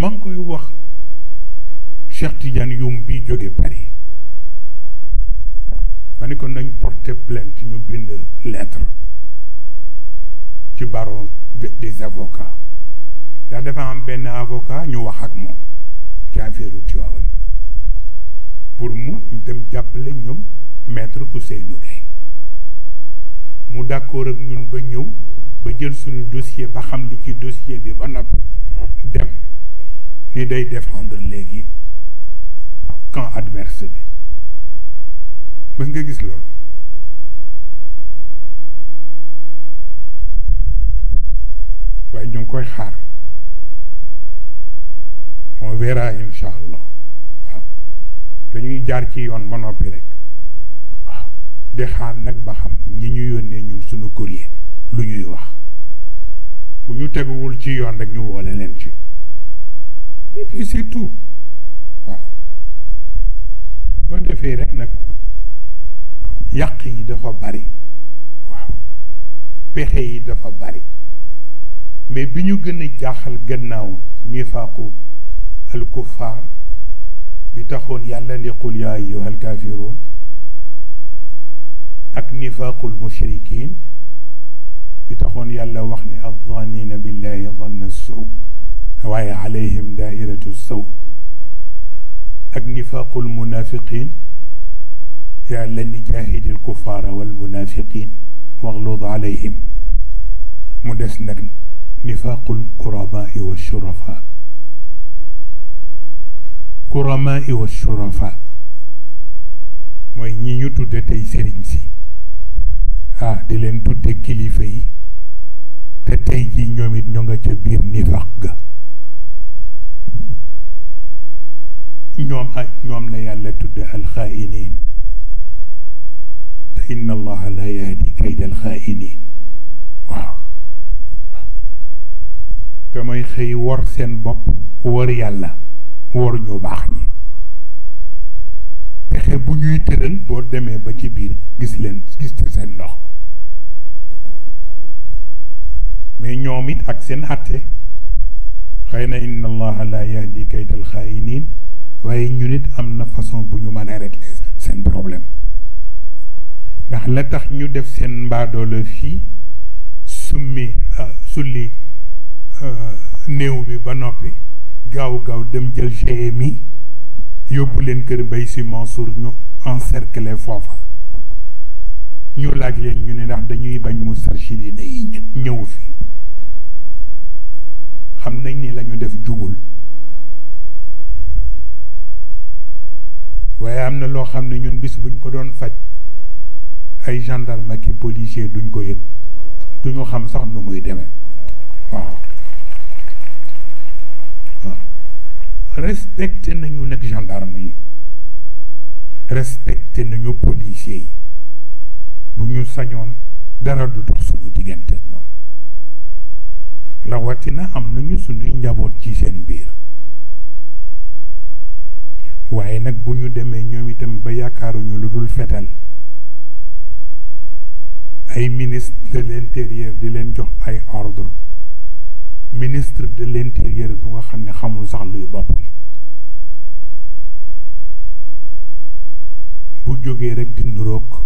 ma koy wax Cheikh Tidiane bi jóge Paris ma nañ porter plainte ñu bind lettre ci baron des avocats ndax dafa am benn avocat ñu wax ak moom ci affaire Tivaouane pour mu dem jàppale ñoom maître Ousseynou Gueye mu d'accord ak ñun ba ñëw ba jël suñu dossier ba xam li ci dossier bi ba noppi dem ni day défendre léegi camp adverse bi mës nga gis loolu waaye ñu ngi koy xaar on verra incha allah waaw dañuy jaar ci yoon ba noppi rek de xaar nag ba xam ñi ñu yónnee ñun suñu courrier lu ñuy wax bu ñu teguwul ci yoon rek ñu boole leen ci et puis surtout waaw defee rek nag yàq yi dafa bari waaw pexe yi dafa bari mais bi ñu gën a jaaxal gannaaw nifaaqu alkufaar bi taxoon yàlla ne qul yaa ayyuhal kaafiruun ak nifaaqul mushrikiin bi taxoon yàlla wax ni ne azzanina billahi zanna suu waaye alayhim daairatu sow ak nifaaqul munafiqin yaa lan jaahidil kufaara wal munafiqin waxlud alayhim mu des nag nifaaqul kuramaai wa shurafa kuramaai wa shurafa mooy ñi ñu tudde tey sëriñ si ah di leen tudde kilifa ñoom ak ñoom la yàlla tudde alxaayiniin te inna allaha la yahdi kayda alxaayiniin waaw damay xëy wor seen bopp wor yàlla wor ñu baax ñi pexe bu ñuy tëral boo demee ba ci biir gis leen gis ci seen loxo mais ñoom it ak seen àtte xëy na inna allaha la yahdi kayda alxaayiniin waaye ñu nit am na façon bu ñu mën a seen problème ndax la tax ñu def seen mbaadoolo fii summi euh, sulli euh, néew bi ba noppi gaaw gaaw dem jël GMI yóbbu leen kër bay si Mansour ñu encercler foofa ñu laaj leen ñu ne ndax dañuy bañ mu sarchidina ne ñëw fi xam nañ ni lañu def jubul waaye am na loo xam ne ñun bis buñ ko doon faj ay gendarme ak policier duñ ko yëg duñu xam sax nu muy demee waaw nañu nag gendarme yi respecté nañu policier yi bu ñu sañoon dara du dox suñu diggante ñoom na am nañu suñuy njaboot ci seen biir waaye nag bu ñu demee ñoom itam ba yaakaaruñu lu dul fetal ay ministre de l'intérieur di leen jox ay ordre ministre de l'intérieur bu nga xam ne xamul sax luy bopp bu jógee rekk di nuroog